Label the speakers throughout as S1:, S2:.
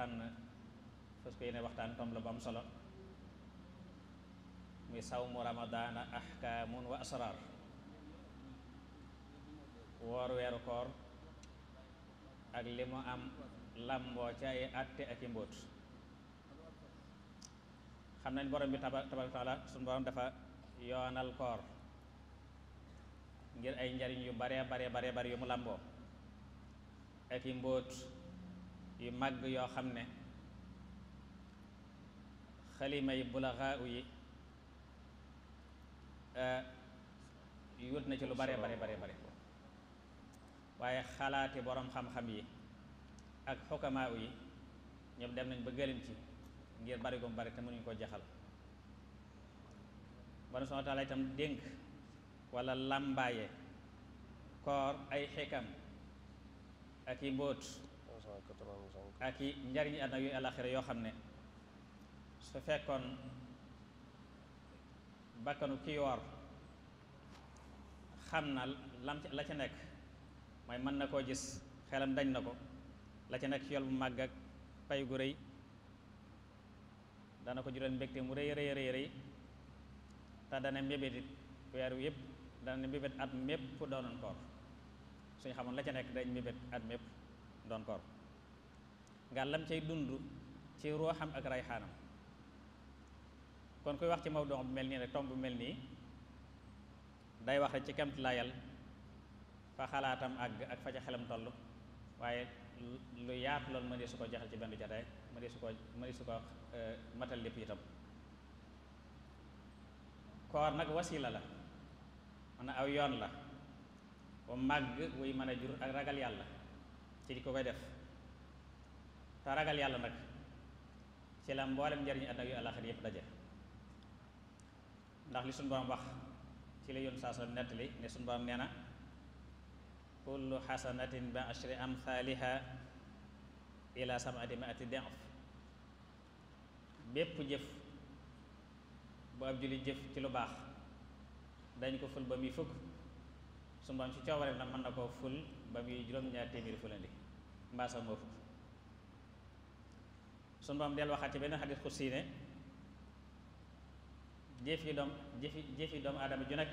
S1: tànn fas ko yéene waxtaan tom la bu am solo muy sawmu ramadaana ahkaamun wa asraar woor weeru koor ak li mu am làmboo ci ay àtte ak i mbóot xam nañ borom bi tabaaraka wa taala suñu borom dafa yoonal koor ngir ay njariñ yu bare bare bare bare yu mu làmboo ak i mbóot yu màgg yoo xam ne xalima yi bulaxaa u yi eh, yut na ci lu bare bare bare bare waaye xalaati boroom xam-xam yi ak xukamaa yi ñoom dem nañ ba gëlin ci ngir bari gum bari te mënuñu ko jaxal borom subhaanahu wa taala dénk walla làmbaaye koor ay xikam ak i mbóot ak i njariñu àdduna yu àllaaxira yoo xam ne su fekkoon bakkanu ki yoor xam na lam la ca nekk mooy mën na koo gis xelam dañ na ko la ca nekk yool bu màgg ak pay gu rëy dana ko jural mbégte mu rëy rëy rëy te dana mbébét it weer wi yëpp dana mbébét at mépp doonoon koor suñu xamoon la ca nekk dañ mbébét at mépp doon koor nga lam cay dund ci ruuxam ak rayxaanam kon kuy wax ci mawdu bu mel nii rek tomb bu mel nii day wax rek ci kemt layal fa xalaatam àgg ak fa ca xelam toll waaye lu yaatu loolu mënee su ko jaxal ci benn jotaay mënee su ko mënee su ko euh, matal lépp itam koor nag wasila la mën na aw yoon la ba màgg wuy mën jur ak ragal yàlla ci di ko koy def te ragal yàlla nag ci la mboolem njariñu àddina yu àllaaxira yëpp daje ndax li suñu borom wax ci la yoon saa soo nettali ne suñu borom nee na kullu xasanatin bi ashri amthaliha ila sab'ati mi'ati da'f bépp jëf bu ab julli jëf ci lu baax dañ ko ful ba muy fukk su mbaam ci coobaree nag mën na koo ful ba muy juróom-ñaar téeméeri fulandi mbaa moo fukk sun borom del waxaat ci benn xadis ku siine jëf yi doom jëf yi jëf doomu aadama ju nekk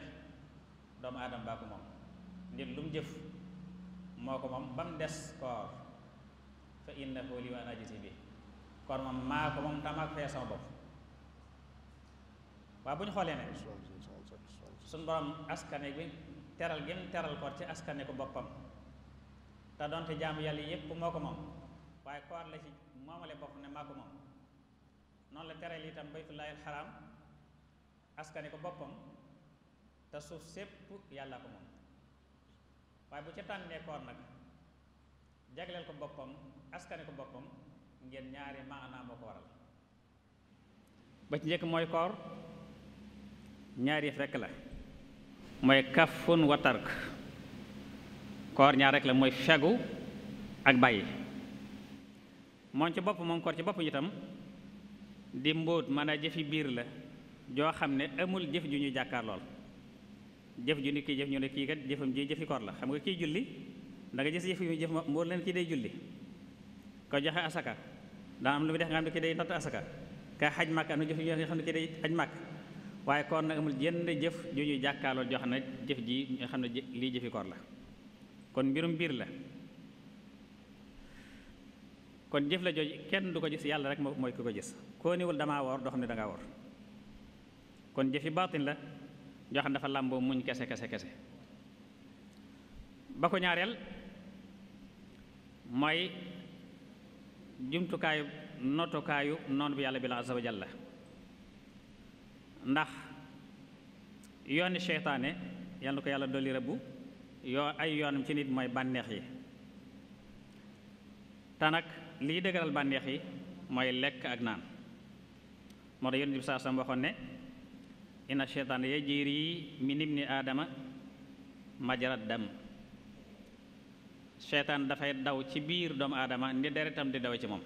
S1: doomu aadama baa ko moom nit lu mu jëf moo ko moom ba mu des koor fa innahu li wa ana ajzi bi koor moom maa ko moom tamaa fee sama bopp waaw bu ñu xoolee ne suñu borom askane bi teral gi teral koor ci askane ko boppam te donte jaamu yàlla yépp moo ko moom waaye koor la ci moomale bopp ne maa ko moom noonu la teral itam baytullaahil xaraam askane ko boppam te suuf sépp yàlla ko moom waaye bu ca tànnee koor nag jagleel ko boppam askane ko boppam ngeen ñaari maanaa moo ko waral ba ci njëkk mooy koor ñaari yëf rekk la mooy kafun wa tark koor ñaar rekk la mooy fegu ak bàyyi moom ci bopp moom koor ci bopp itam di mbóot maanaam jëfi biir la joo xam ne amul jëf ju ñuy jàkkaar lool jëf ju ni kii jëf ñu ne kii kat jëfam ji la xam nga kii julli da nga gis jëf yu jëf mbóot leen kii day julli ko joxe asaka lu mu def nga day natt xaj màkk am na jëf xam ne kii day xaj màkk waaye koor nag amul jenn jëf ju ñuy jàkkaarlool joo xam ne jëf ji nga xam ne lii jëfi koor la kon mbirum biir la kon jëf la jooju kenn du ko gis yàlla rek mooy ki ko gis koo niwul damaa woor doo xam ne dangaa woor kon jëfi baatin la joo xam ne muñ kese kese kese ba ko ñaareel mooy jumtukaayu nottukaayu noonu bi yàlla bi la azza jalla ndax yoon seytaane yàlla na ko yàlla dolli rëbbu yoo ay yoonam ci nit mooy bànneex yi te lii dëgëral bànneex yi mooy lekk ak naan moo tax yonent bi saa sam waxoon ne inna sheytaan yajri min ibni aadama majara dam sheytaan dafay daw ci biir doomu aadama ni deretam di daw ci moom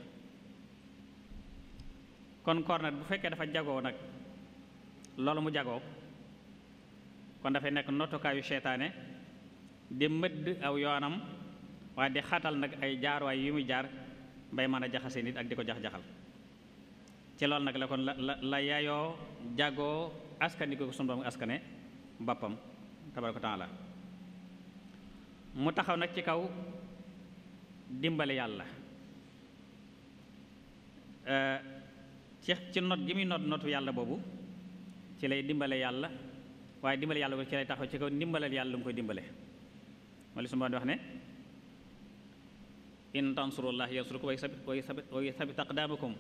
S1: kon koor nag bu fekkee dafa jagoo nag loolu mu jagoo kon dafay nekk nottukaayu seetaane di mëdd aw yoonam waaye di xatal nag ay jaar waaye yu muy jaar mbay man a jaxase nit ak di ko jax-jaxal ci loolu nag la kon la la yaayoo jagoo askani ko sunu borom askane boppam tabaraka la mu taxaw nag ci kaw dimbali yàlla ci ci not gi muy not notu yàlla boobu ci lay dimbale yàlla waaye dimbale yàlla ko ci lay taxaw ci kaw dimbalal yàlla lu mu koy dimbale wala su ma wax ne in tansurullah yansurku wa yusabit wa yusabit wa yusabit aqdamakum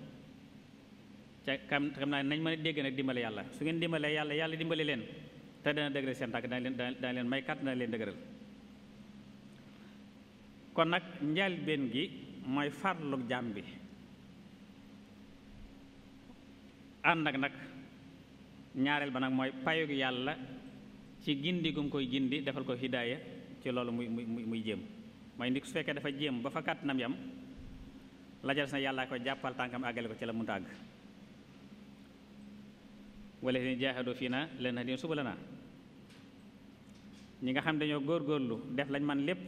S1: ca kam xam naa nañ mën a dégg nag dimbale yàlla su ngeen dimbalee yàlla yàlla dimbale leen te dana dëgëral seen tànk dana leen dana leen may kàtt dana leen dëgëral kon nag njëlbéen gi mooy farlu jaam bi ànd ak nag ñaareel ba nag mooy payug yàlla ci gindi gum koy gindi defal ko hidaaya ci loolu muy muy muy jéem mooy nit su fekkee dafa jéem ba fa kàttanam yam lajal sa yàllaa ko jàppal tànkam àggale ko ci la mu tàgg walla leen jaaxedo fii na leen na din suba la na ñi nga xam dañoo góor góorlu def lañ man lépp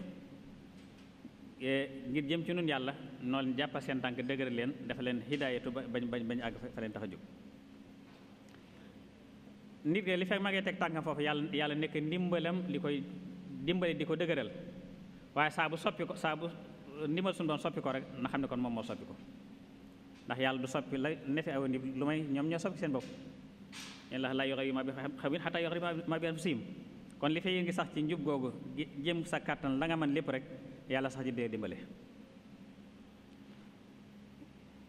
S1: e, ngir jëm ci nun yàlla noonu jàppal seen tànk dëgëral leen dafa leen ba bañ bañ bañ àgg fa leen tax a jóg nit li fekk ma teg tànkam foofu yàlla yàlla nekk ndimbalam li koy dimbali di ko dëgëral waaye saa bu soppi ko saa bu eh, ndimbal suñu doon soppi ko rek na xam ne kon moom moo soppi ko ndax yàlla du soppi la nefi aw ndi lu may ñoom ñoo soppi seen bopp yen la laa yoxe ma bi xawin xataa yoxe yu ma kon li fay ngi sax ci njub googu jëm sa kàttan la nga mën lépp rek yàlla sax ji dee dimbale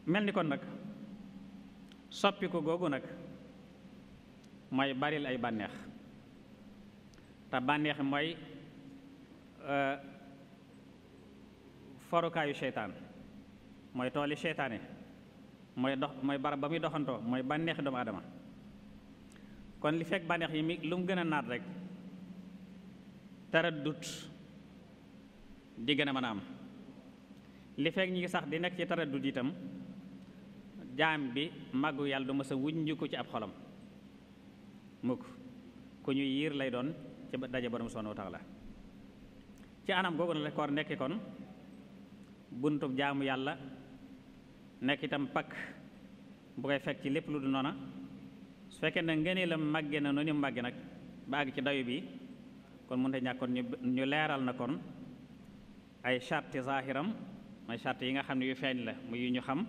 S1: ni kon nag soppi ko googu nag mooy baril ay bànneex te bànneex mooy eh, forukaayu seytaan mooy tooli seytaane mooy dox mooy barab ba muy doxantoo mooy bànneexi doomu aadama kon li fekk bànneex yi mi lu mu gën a naat rek taraddut di gën a a am li fekk ñi ngi sax di nekk ci taraddut itam jaam bi màggu yàlla du mës a wuññiku ci ab xolam mukk ku ñuy yiir lay doon ci daje borom subhaanahu wa taala ci anam googu na la koor nekki kon buntu jaamu yàlla nekk itam pakk bu koy fekk ci lépp lu du noona su fekkee ne ngënee la màgge na noonu màgge nag ba àgg ci dayu bi kon mënta ñàkkoon ñu leeral na kon ay charte zahiram may charte yi nga xam ne yu feeñ la muy yu ñu xam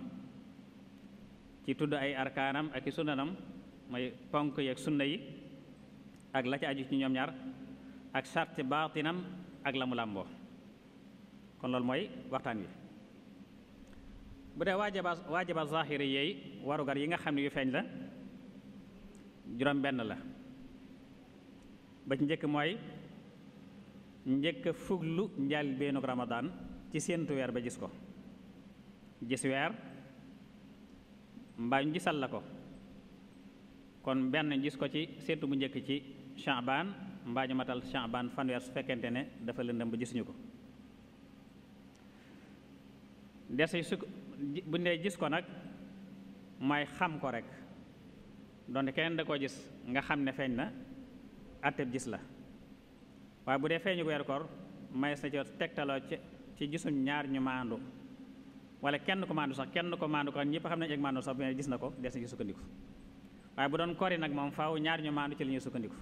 S1: ci tudd ay arkaanam ak i sunanam mooy ponk yi ak sunna yi ak la ci aju ci ñoom ñar ak charte baatinam ak la mu làmboo kon loolu mooy waxtaan wi bu dee waajaba waajaba zahiri yeey warugar yi nga xam ne yu feeñ la juróom benn la ba ci njëkk mooy njëkk fuglu njaal beenug ramadaan ci seentu weer ba gis ko gis weer mbaa ñu gisal la ko kon benn jis ko ci séentu bu njëkk ci Sha'ban mbaa ñu matal Sha'ban fanweer su fekkente ne dafa lëndëm ba gisuñu ko dese su bu nee gis ko nag mooy xam ko rek donte keneen da koo gis nga xam ne feeñ na atteb gis la waaye bu dee feeñu weer koor mayees na ci tegtaloo ci ci gisuñ ñaar ñu maandu wala kenn ko maandu sax kenn ko maandu ko ñëpp xam nañ ak maandu sax bu gis na ko des na ci sukkandiku waaye bu doon kori nag moom faaw ñaar ñu maandu ci li ñuy sukkandiku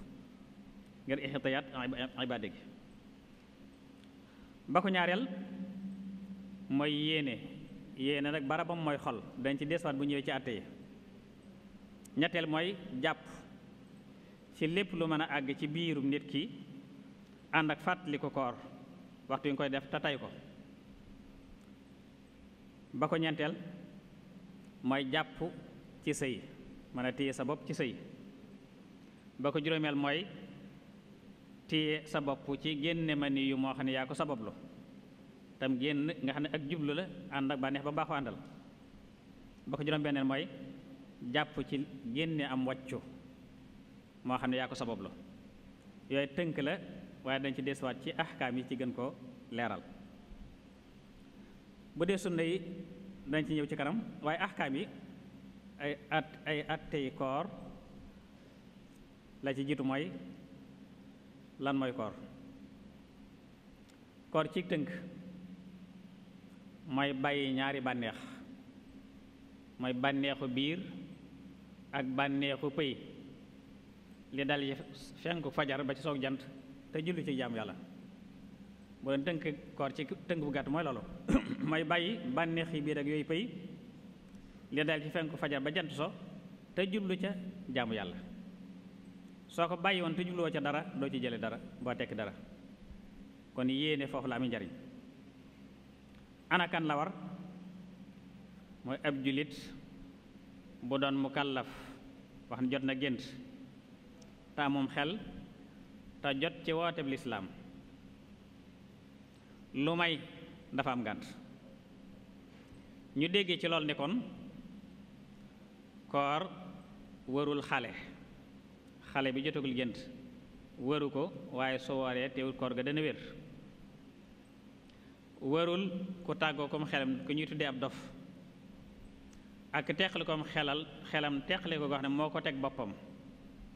S1: ngir ixtiyaat ibaade gi ba ko ñaareel mooy yéene yéene nag barabam mooy xol dañ ci desuwaat bu ñëwee ci àtte yi ñetteel mooy jàpp ci lépp lu mën a àgg ci biirum nit ki ànd ak fàttali ko koor waxtu yu nga koy def te tay ko ba ko ñeenteel mooy jàpp ci sëy mën a téye sa bopp ci sëy ba ko juróomeel mooy téye sa bopp ci génne ma ni yu moo xam ne yaa ko sa bopp sabablu tam génn nga xam ne ak jublu la ànd ak bànneex ba baaxoo àndal ba ko juróom-benneel mooy jàpp ci génne am wàccu moo xam ne yaa ko sabab la yooyu tënk la waaye dañ ci desuwaat ci axkaam yi ci gën koo leeral bu dee sunna dañ ci ñëw ci kanam waaye axkaam yi ay at ay attey koor la ci jiitu mooy lan mooy koor koor ci tënk mooy bàyyi ñaari bànneex mooy bànneexu biir ak bànneexu pëy li dal yi fenku fajar ba ci soog jant te julli ci jaam yàlla bu doon tënk koor ci tënk bu gàtt mooy loolu mooy bàyyi bànneex yi biir ak yooyu pëy li dal ci fenku fajar ba jant so te jublu ca jaamu yàlla soo ko bàyyi woon te jubloo ca dara doo ci jële dara boo tekk dara kon yéene foofu la amee njariñ ana la war mooy ab julit bu doon mukallaf wax ne jot na gént te xel te jot ci wooteb lislaam lu may dafa am ngànt ñu dégge ci lool nekkoon kon koor warul xale xale bi jotagul gént wëru ko waaye su wooree teewul koor ga dana wér warul ku tàggoo kom xelam ku ñuy tuddee ab dof ak teqali kom xelal xelam teqali ko goo ne moo ko teg boppam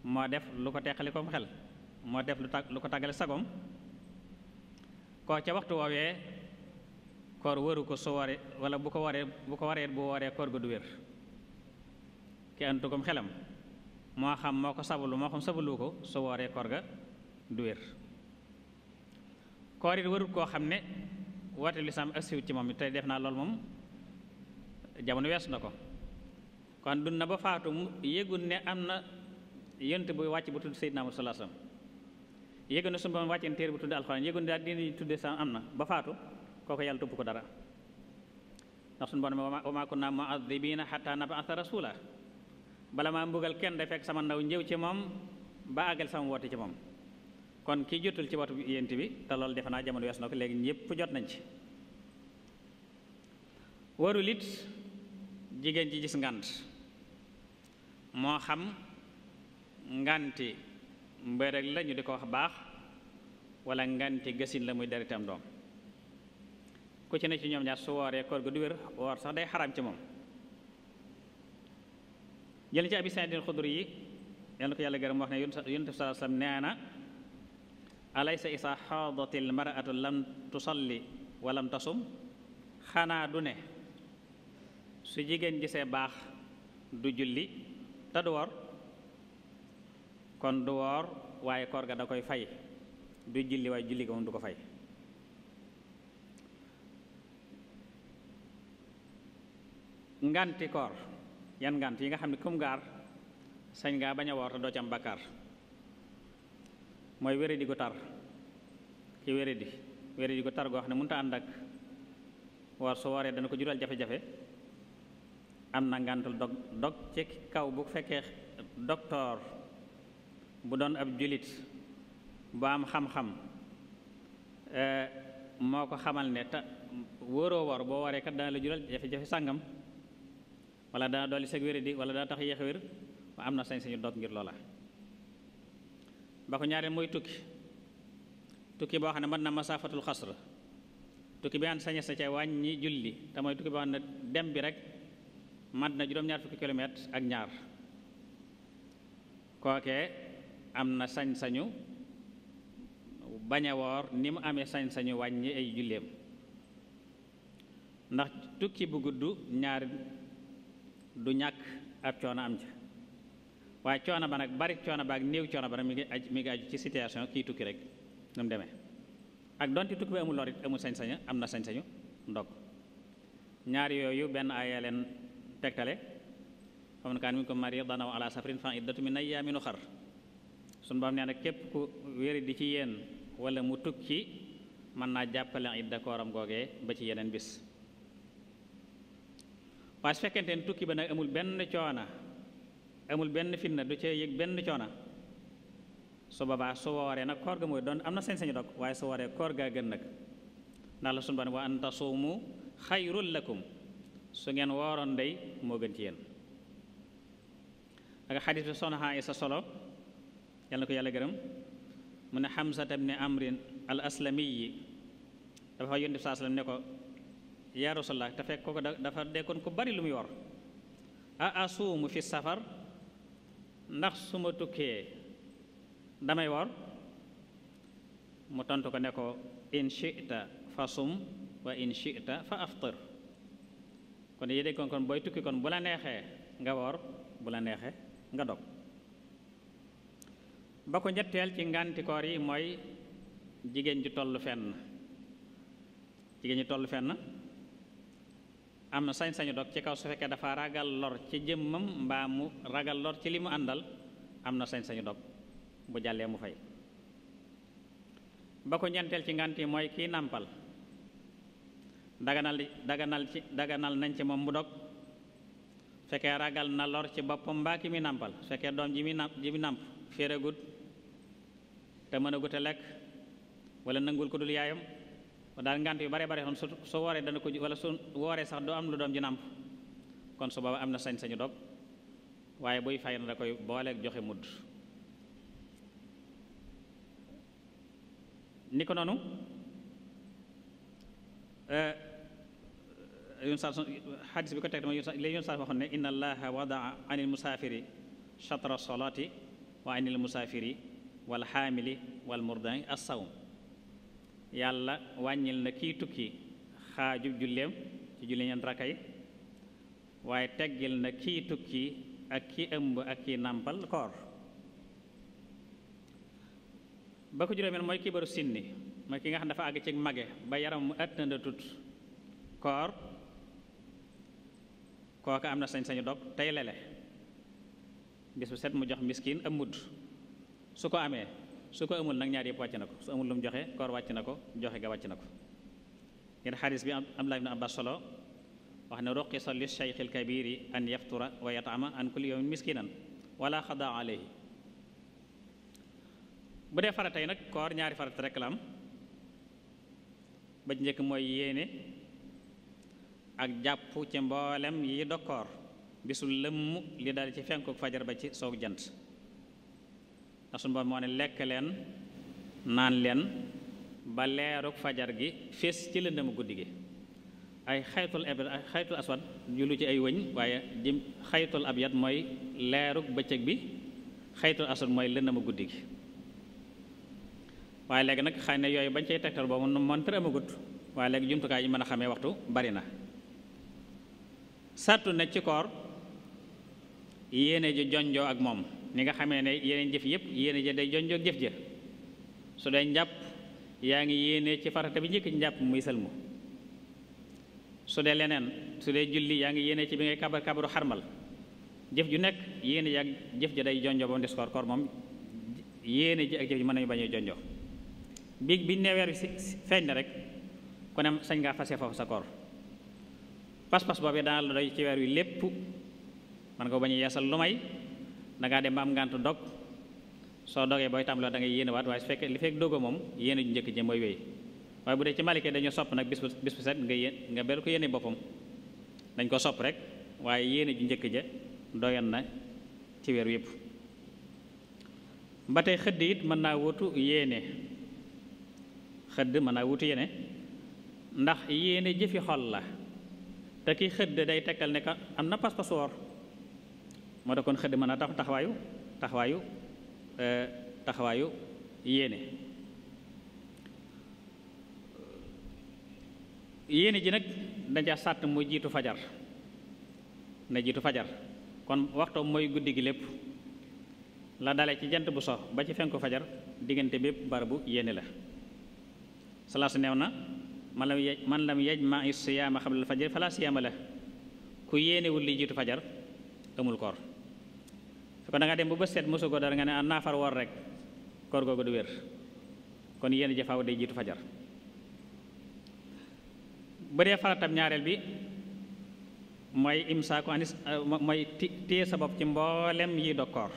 S1: moo def lu ko teqali kom xel moo def lu tag lu ko tàggale sagoom koo ca waxtu woowee koor waru ko su waree wala bu ko waree bu ko waree bu waree koor ga du wér ki kom xelam moo xam moo ko sabulu moo xam sabulu ko su waree koor ga du koo xam ne woote lislaam ak siwut ci moom tey def naa loolu moom jamono weesu na ko kon dund na ba faatu mu yëgul ne am na yent bu wàcc bu tudd Seydina Muhammad sallallahu alayhi wasallam ne su ma wàccee téere bu tudd alxuraan yëgul ne daal dinañ tudde sa am na ba faatu kooku yàlla topp ko dara ndax suñu borom wa maa kunna mu'adhibiina hattaa nab'atha rasuula bala maa mbugal kenn da fekk sama ndaw njëw ci moom ba àggal sama woote ci moom kon ki jotul ci watu yént bi te loolu defe naa jamono wees na ko léegi ñëpp jot nañ ci warul it jigéen ji gis ngant moo xam nganti mbërëg la di ko wax baax wala nganti gasin la muy deritam doom ku ci ne ci ñoom ñaar su wooree koor ga du wér woor sax day xaram ci moom jël ci abi Saïd al Xudri yi yal na ko yàlla gërëm wax ne yonent bi sallallahu alayhi alaysa isa xaadatil maratu lam tusalli wa lam tasum xanaa du ne su jigéen gisee baax du julli te du woor kon du woor waaye koor ga da koy fay du julli waaye julli ga moom du ko fay nganti koor yan ngant yi nga xam ne kum gaar sañ ngaa bañ woor te doo ci am mooy wéradi gu tar ki wéradi wéradi gu tar goo xam ne mënut a ànd ak war su waree dana ko jural jafe-jafe am na ngàntul dog dog ci kaw bu fekkee docteur bu doon ab julit bu am xam-xam eh, moo ko xamal ne ta wóoroo war boo waree kat dana la jural jafe-jafe sàngam wala dana dolli sag wéradi wala dana tax yéex wér am na sañ-sañu dog ngir loola ba ko ñaareel mooy tukki tukki boo xam ne mën na masaafatul xasr tukki bi an sañes na ca wàññi julli te tukki boo xam ne dem bi rek mat na juróom-ñaar fukki kilomètre ak ñaar kookee am na sañ-sañu bañ a woor ni mu amee sañ-sañu wàññi ay julleem ndax tukki bu gudd ñaar du ñàkk ab coono am ca waaye coono ba nag bari coono ba ak néew coono ba nag mi ngi aju mi ngi aju ci situation kii tukki rek nu mu demee ak donte tukki amul lor sañ am na sañ-sañu ndog ñaar yooyu benn aaya ko mari danaw ala safrin fan iddatu min ayyaamin ukhar suñu borom nee képp ku di ci yéen wala mu tukki mën naa jàppale idda kooram googee ba ci yeneen bis waaye amul benn coona amul benn fitna du ca yëg benn coona su boobaa su wooree nag koor ga mooy doon am na sañ-sañu dog waaye su wooree koor gaa gën nag ndax la sunu Boroom wa an tasuumu xayrul lakum su ngeen wooroon day moo gën ci yéen ak xadis bi soxna Aysa solo yàlla ko yàlla gërëm mu ne Xamsata bni Amrin al aslami yi dafa fa yónni saa ne ko yaa Rasulallah te fekk kooku dafa dekkoon ko bari lu muy wor a asuumu fi safar ndax su ma tukkee damay woor mu tontu ko ne ko in shi'ta fa sum wa in shi'ta fa aftir kon yédé kon kon booy tukki kon bu la neexee nga wor bu la neexee nga dog ba ko ñetteel ci ngàntikoor yi mooy jigéen ji toll fenn jigéen ñu toll fenn am na sañ-sañu dog ci kaw su fekkee dafa ragal lor ci jëmmam mbaa mu ragal lor ci li mu àndal am na sañ-sañu dog bu jàllee mu fay ba ko ñeenteel ci ngànt yi mooy kii nàmpal daganal daganal ci daganal nañ ci moom mu dog fekkee ragal na lor ci boppam mbaa ki mi nàmpal fekkee doom ji muy nàmp ji mi nàmp féeregut te mën a a lekk wala nangul ko dul yaayam kon daal ngant yu bare bare xam su su wooree dana ko wala su wooree sax du am lu doom ji nàmp kon su booba am na sañ-sañu dog waaye buy fay na da koy booleeg joxe mudd ni ko noonu eh, yun sal xadis bi ko teg dama li yun sal waxoon ne inna allaha wadaa anil musaafiri chatra solaati wa anil musaafiri wal xaamili wal murdani as yàlla wàññil na kii tukki xaaju julleem ci julli rakka yi waaye teggil na kii tukki ak kii ëmb ak kii nàmpal koor ba ko juróomeel mooy kii baru sinni mooy ki nga xam dafa àgg ci mage ba yaram mu ëttandatut koor kooka am na sañ-sañu dog tey lele bis set mu jox miskin ëmmud su ko amee su ko amul nag ñaar yëpp wàcc na ko su amul lu joxe koor wàcc na ko joxe nga wàcc na ko ngeen xadis bi Abdullah ibn Abbas solo wax ne ruqisa li cheikh al kabiri an yaftura wa yatama an kulli yawmin miskinan wala xada alayhi bu dee farata nag koor ñaari farata rek la am ba njëkk mooy yéene ak jàpp ci mboolem yi dokkoor bisul lëmm li dal ci fenkuk fajar ba ci soog jant ndax suñu moo ne lekk leen naan leen ba leeruk fajar gi fees ci lëndëmu guddi gi ay xaytul ab xaytul aswad julu ci ay wëñ waaye jim xaytul abyad mooy leeruk bëccëg bi xaytul aswad mooy lëndëmu guddi gi waaye léegi nag xëy na yooyu bañ cay tegtal boobu mën tër amagut waaye léegi jumtukaay yi mën a xamee waxtu bari na sartu ne ci koor yéene ji jonjoo ak moom ni nga xamee ne yeneen jëf yëpp yéene ja day jonjoog jëf ja su day njàpp yaa ngi yéene ci farata bi njëkk ci njàpp muy sëlmu su dee leneen su dee julli yaa ngi yéene ci bi ngay kabar kabaru xarmal jëf ju nekk yéene ji ak jëf ja day jonjo ba mu des koor koor moom yéene ji ak jëf ji mën na bañ a jonjo bi bi neweer si seeñ la rek ku ne sañ ngaa fase foofu sa koor pas-pas boobee daana la ci weer wi lépp mën nga bañ a yeesal lu may dangaa dem ba am ngànt dog soo dogee booy tàmbaloo da ngay yéene waat waaye su fekkee li fekk dogo moom yéene ju njëkk ji mooy wéy waaye bu dee ci malike dañoo sopp nag bis bis bu set nga yéen nga bel ko yéene boppam dañ ko sopp rek waaye yéene ju njëkk ja doyan na ci weer yépp ba tey xëdd it mën naa wutu yéene xëdd mën naa wutu yéene ndax yéene jëfi xol la te ki xëdd day tekkal ne ka am na pas-pas woor moo tax kon xëdd mën a tax taxawaayu taxawaayu eh, taxawaayu yéene yéene ji nag dañ sàtt mu jiitu fajar na jiitu fajar kon waxtoom mooy guddi gi lépp la dale ci jant bu sox ba ci fenku fajar diggante bépp barabu yéene la salaasu neew na man lam yaj man lam yaj ma siyaama xablal fajar fala siyaama la ku yéenewul li jiitu fajar amul koor su ko da nga dem ba bët set mosu ko dara nga ne ah naafar woor rek koor googu du wér kon yéen jafaaw day jiitu fajar bu faratam ñaareel bi mooy imsaaku anis euh, mooy téye sa bopp ci mboolem yi dog koor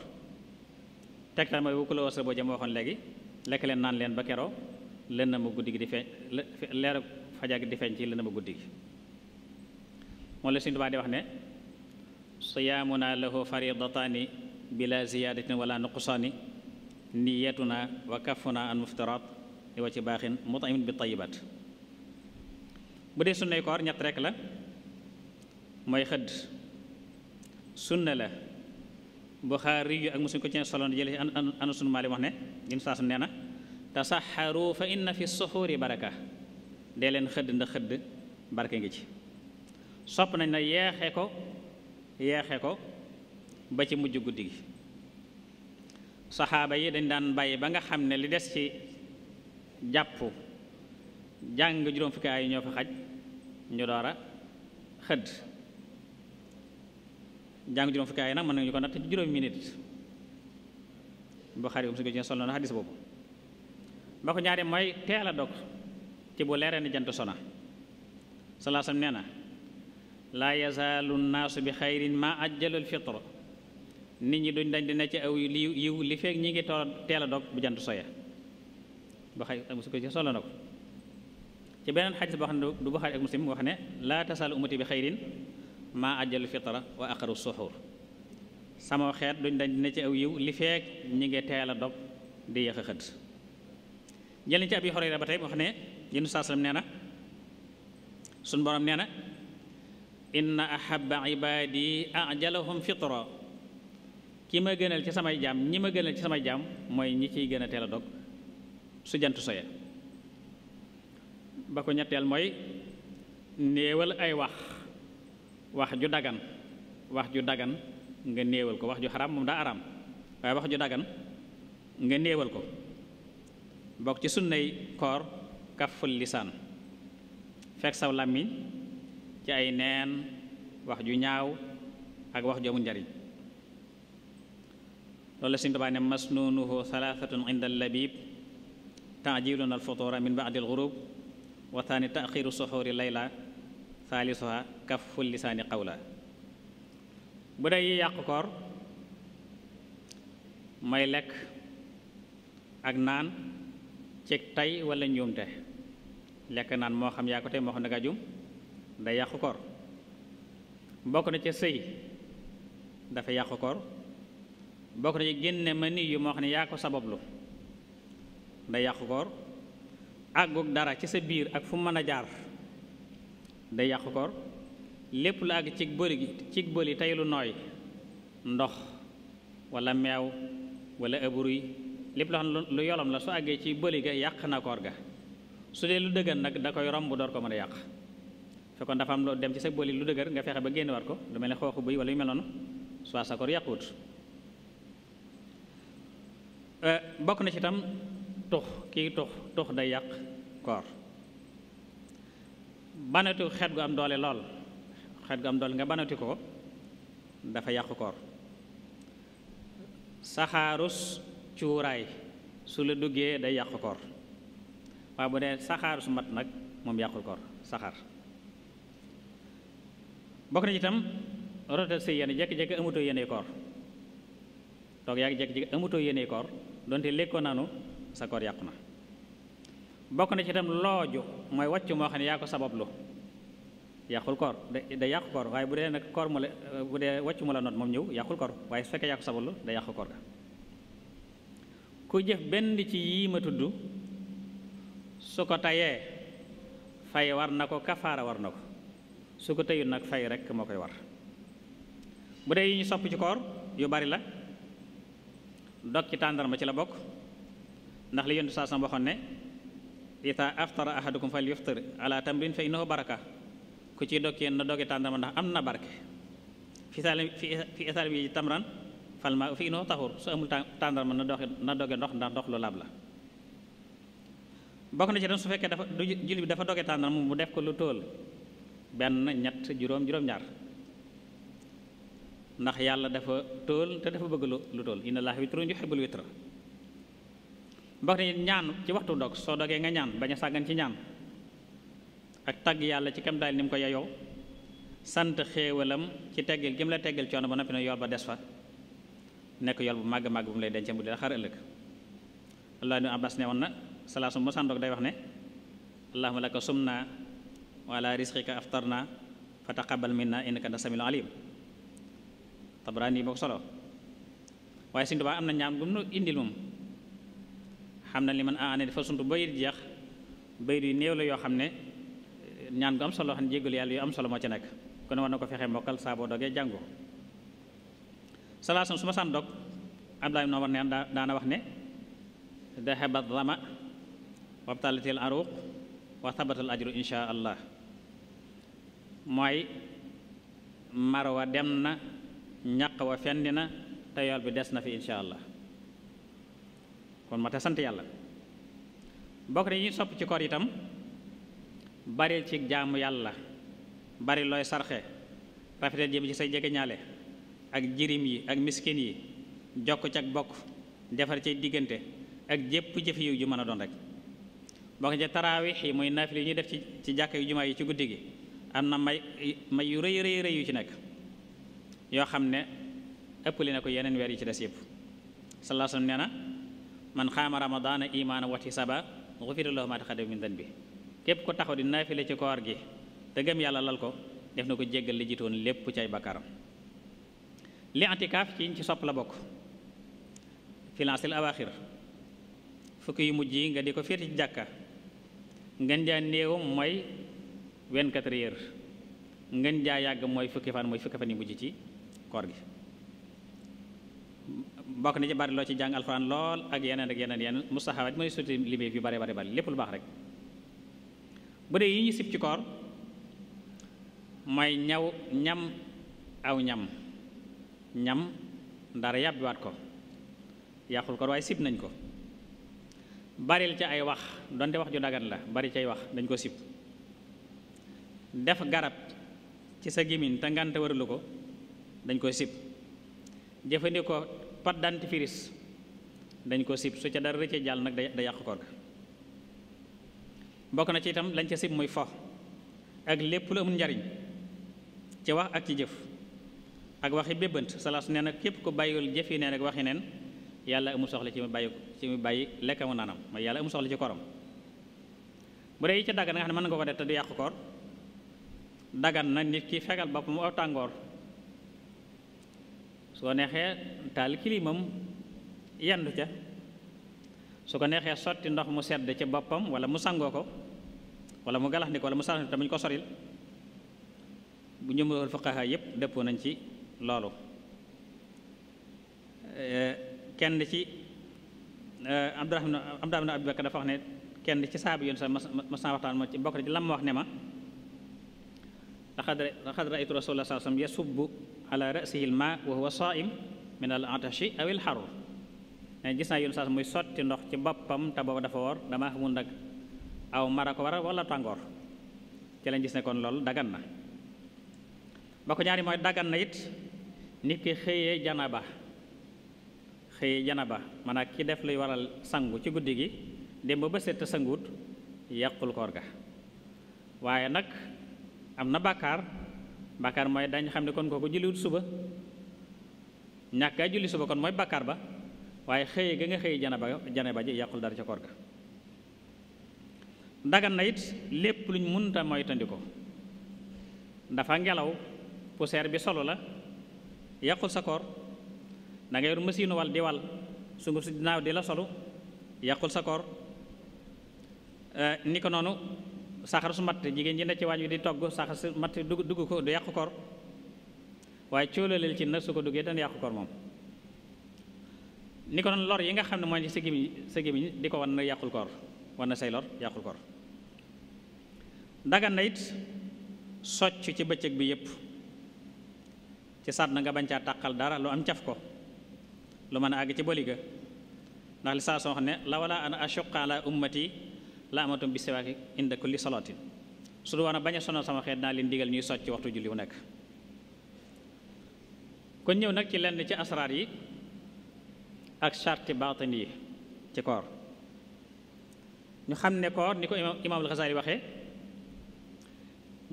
S1: tegtal mooy wukku la boo jëm waxoon léegi lekk leen naan leen ba keroo len na ma guddi gi di feeñ leer fajar gi di feeñ ci len na guddi gi moom la Sëñ Tuubaa di wax ne siyaamuna lahu faridataani bila ziyaadatin wala nuqsaani niyatuna wa kafuna an muftaraat li wa ci baaxin mutaimin bi tayibaat bu dee sunnay koor ñett rekk la mooy xëdd sunna la buxaari yu ak musuñ ko ci solo na jële ana sunu maali wax ne din saasu nee na tasaxaru fa inna fi suxuuri baraka dee leen xëdd ndax xëdd barke ngi ci sopp nañ na yeexe ko yeexe ko ba ci mujj guddi gi saxaaba yi dañ daan bàyyi ba nga xam ne li des ci jàpp jàng juróom fukki yi ñoo fa xaj ñu door a xëdd jàng juróom fukki aay nag mën nañu ko natt ci juróomi minute Buxaari um si ko ci solo na xadis boobu ba ko ñaari mooy teel a dog ci bu leeree ni jant sona salaasam nee na laa yazaalu bi xayrin ma ajjalul fitr nit ñi duñ dañ di ci aw li yiw li feek ñi ngi tool teela a dog bu jant soya ba xay ak muslim ko ci solo na ko ci beneen xadis boo xam ne du Buxaari ak muslim wax ne laa tasal umati bi xayrin maa ajjalu fitra wa aqaru suxur sama xeet duñ dañ di ne ci aw yiw li feek ñi ngi teel a dog di yéex a xëdd jëliñ ci Abi Hurayra ba tey wax ne yéen saa sallam nee na suñ borom nee na inna ahabba ibadi ajalahum fitra ki ma gënal ci samay jaam ñi ma gënal ci samay jaam mooy ñi ciy gën a teel dog su jant soye ba ko ñetteel mooy néewal ay wax wax ju dagan wax ju dagan nga néewal ko wax ju xaraam moom daa wax ju dagan nga néewal ko bokk ci sunnay koor kaful lisaan fekk saw làmmiñ ci ay neen wax ju ñaaw ak wax ju amul njariñ loolu la Sëriñ Tuubaa ne masnuunuhu thalathatun inda al-labib taajilun al-futura min ba'di al-ghurub wa thani taxiru suxuri layla thaalisuha kaffu lisaani qawla bu dee yi yàqu mooy lekk ak naan ci tey wala njuumte lekk naan moo xam yaa ko tey moo xam ne gaa jum day yàqu bokk na ca sëy dafa yàqu koor bokk na ci génne ma nii yu moo xam ne yaa ko sabablu day yàqu koor àggul dara ci sa biir ak fu mën a jaar day yàqu koor lépp lu àgg cig bëli cig bëli tey lu nooy ndox walla meew wala ëbruy lépp loo xam ne lu yolom la su àggee ci bëli ga yàq na koor ga su dee lu dëgër nag da koy romb door ko mën a yàq fekkoon dafa am loo dem ci sa bëli lu dëgër nga fexe ba génn war ko lu mel ne xooxu bëy wala yu mel noonu su sa koor yàquwut Euh, bokk na ci itam tux kii tux tux day yàq koor banatu xet gu am doole lool xet gu am doole nga banati ko dafa yàq koor saxaarus cuuraay su la duggee day yàq koor waaye bu dee saxaarus mat nag moom yàqul koor saxaar bokk na ci itam rotal si yéene jekki-jekki amutoo yéene koor toog yaa ngi jekki-jekki amutoo yéene koor donte lékkoo naanu sa koor yàqu na bokk na ci itam looju mooy wàccu moo xam ne yaa ko sabablu yàqul koor da yàqu koor waaye bu dee nag koor mu la bu dee wàccu mu la noot moom ñëw yàqul koor waaye su fekkee yaa ko sabablu da yàqu koor ga ku jëf benn ci yii ma tudd su ko tayee fay war na ko kafaara war na ko su ko teyul nag fay rekk moo koy war bu dee yi ñu sopp ci koor yu bari la dog ci tàndarma ci la bokk ndax li yontu saa sam waxoon ne ita aftara ahadukum fal yuftir ala tamrin fa innahu barka ku ciy dog yéen na doge tàndarma ndax am na barke fi sal fi isal bi tamran fal ma fi innahu tahur su amul tàndarma na doge ndox ndax ndox lu laab la bokk na ci dem su fekkee dafa julli bi dafa doge tàndarma mu def ko lu tóol benn ñett juróom juróom-ñaar ndax yàlla dafa tóol te dafa bëgg lu tóol inna laaha witrun yuhibbul witra mbokk ni ñaan ci waxtu dog soo dogee nga ñaan bañ a sàggan ci ñaan ak tàgg yàlla ci kam daal ni mu ko yeyoo sant xéewalam ci teggil gi mu la teggil coono ba noppi na yool ba des fa nekk yool bu màgg màgg bu mu lay dencee mu di la xar ëllëg allah ibn abbas ne woon na salaa sum mosaan dog day wax ne allahumma laka sumna wa ala risqika aftarna fa taqabbal minna innaka anta samiul alim Tabraani moo ko solo waaye Sëñ am na ñaam gum nu indil moom xam na li man aane dafa sunt bayit jeex bayit yu néew la yoo xam ne ñaan gu am solo xam ne jéggalu yàlla yu am solo moo ci nekk kon war na ko fexee mbokkal saa boo dogee jàngu salaasam su ma saan dog Abdoulaye Noomar neen daana wax ne dahaba zama wabtalatil aruq wa tabatal ajru insha allah mooy marwa dem na ñàq wa fendi na te yool bi des na fi incha allah kon ma te sant yàlla bokk na ñuy sopp ci kor itam bari ci jàmm yàlla bari looy sarxe rafetal jëm ci say jegeñaale ak jirim yi ak miskin yi jokk ci ak bokk defar ci diggante ak jépp jëf yiw ju mën a doon rek bokk ci taraawix yi muy naafil yi ñuy def ci ci jàkka yu jumaa yi ci guddi gi am na may may yu rëy rëy rëy yu ci nekk yoo xam ne ëppali na ko yeneen weer yi ci des yëpp sallallahu alayhi wa man nee na man xaama ramadaana imaana wa ihtisaaba gufira lahu maa taqaddama min bi képp ko taxaw di naafile ci koor gi te gëm yàlla lal ko def na ko jéggal li jiitoon lépp ci ay bakkaaram li antikaaf ci ci sopp la bokk filancil awaaxir fukki yu mujj yi nga di ko fiir ci jàkka ngën jaa néew mooy 24 heures ngën jaa yàgg mooy fukki fan mooy fukki fan yu mujj ci koor gi bokk na ci bari loo ci jàng alxuraan lool ak yeneen ak yeneen yeneen mustahabaat mooy suti limeef yu bari bare bari lépp lu baax rek bu dee yi ñu sib ci koor mooy ñaw ñam aw ñam ñam ndara yàbbiwaat ko yàqul ko waaye sib nañ ko baril ca ay wax donte wax ju dagan la bari cay wax dañ ko sib def garab ci sa gémmiñ te ngante waralu ko dañ koy sib jëfandikoo pâte firis dañ ko sib su ca dara rëcce jàll nag da yàq koor ga bokk na ci itam lañ ca sib muy fo ak lépp lu amul njariñ ci wax ak ci jëf ak waxi bébbant salaas nee na képp ko bàyyiwul jëf yi neen ak waxi neen yàlla amul soxla ci mu bàyyi ci mu bàyyi lekkamu naanam mooy yàlla amul soxla ci korom bu dee yi ci daggan nga xam ne mën nga ko def te du yàq koor daggan na nit ki fegal boppam aw tàngoor soo neexee taal kilimam yenn ca su ko neexee sotti ndox mu sedd ci boppam wala mu sangoo ko wala mu galax ndiko wala mu salax ndiko tamit ñu ko soril bu ñu jumhurul fuqaha yépp dëppoo nañ ci loolu eh, kenn ci eh, Abdurahman Abdurahman Abi Bakar dafa wax ne kenn ci saabu yoon sax mas naa waxtaan ma ci bokk na ci lam ma wax ne ma laqad ra'aytu rasulullah sallallahu alayhi wasallam yasubbu ala rasihi l ma wa huwa saim min al atashi aw il xarur ne gis naa yoon saas muy sotti ndox ci boppam te booba dafa woor dama xamul nag aw mara ko waral wala tàngoor ci lañ gis ne kon loolu dagan na ba ko ñaari mooy dagan na it nit ki xëyee jana ba xëyee jana janaba maanaam ki def luy waral sangu ci guddi gi démb ba set sanguut yàqul koor ga waaye nag am na bàkkaar bàkkaar mooy dañ xam ne kon kooku julliwut suba ñàkk a julli suba kon mooy bàkkaar ba waaye xëye ga nga xëye janaba janaba ji yàqul dara ca koor ga dagan na it lépp luñ munta moytandi moytandikoo dafa ngelaw poussière bi solo la yàqul sa koor da nga yor machine wal di wal sunguf si dinaaw di la solu yàqul sa koor eh, ni ko noonu saxar su matt jigéen ji ne ci waañ wi di togg saxar su matt dugg dugg ko du yàqu koor waaye cóolaleel ci nag su ko duggee dana yàqu koor moom ni lor yi nga xam ne mooy ci sa gémmiñ sa di ko wan na yàqul koor wan na say lor yàqul it socc ci bëccëg bi yépp ci sàdd na nga bañ caa taqal dara lu am caf ko lu mën a àgg ci boliga ndax li saa soo xam ne la wala an ummati la amatum bi siwaaki inda kulli salaatin bañ a sonal sama xeet naa leen digal ñuy socc waxtu julli wu nekk kon ñëw nag ci lenn ci asraar yi ak charti baatin yi ci koor ñu xam ne koor ni ko imaamul Xasaali waxee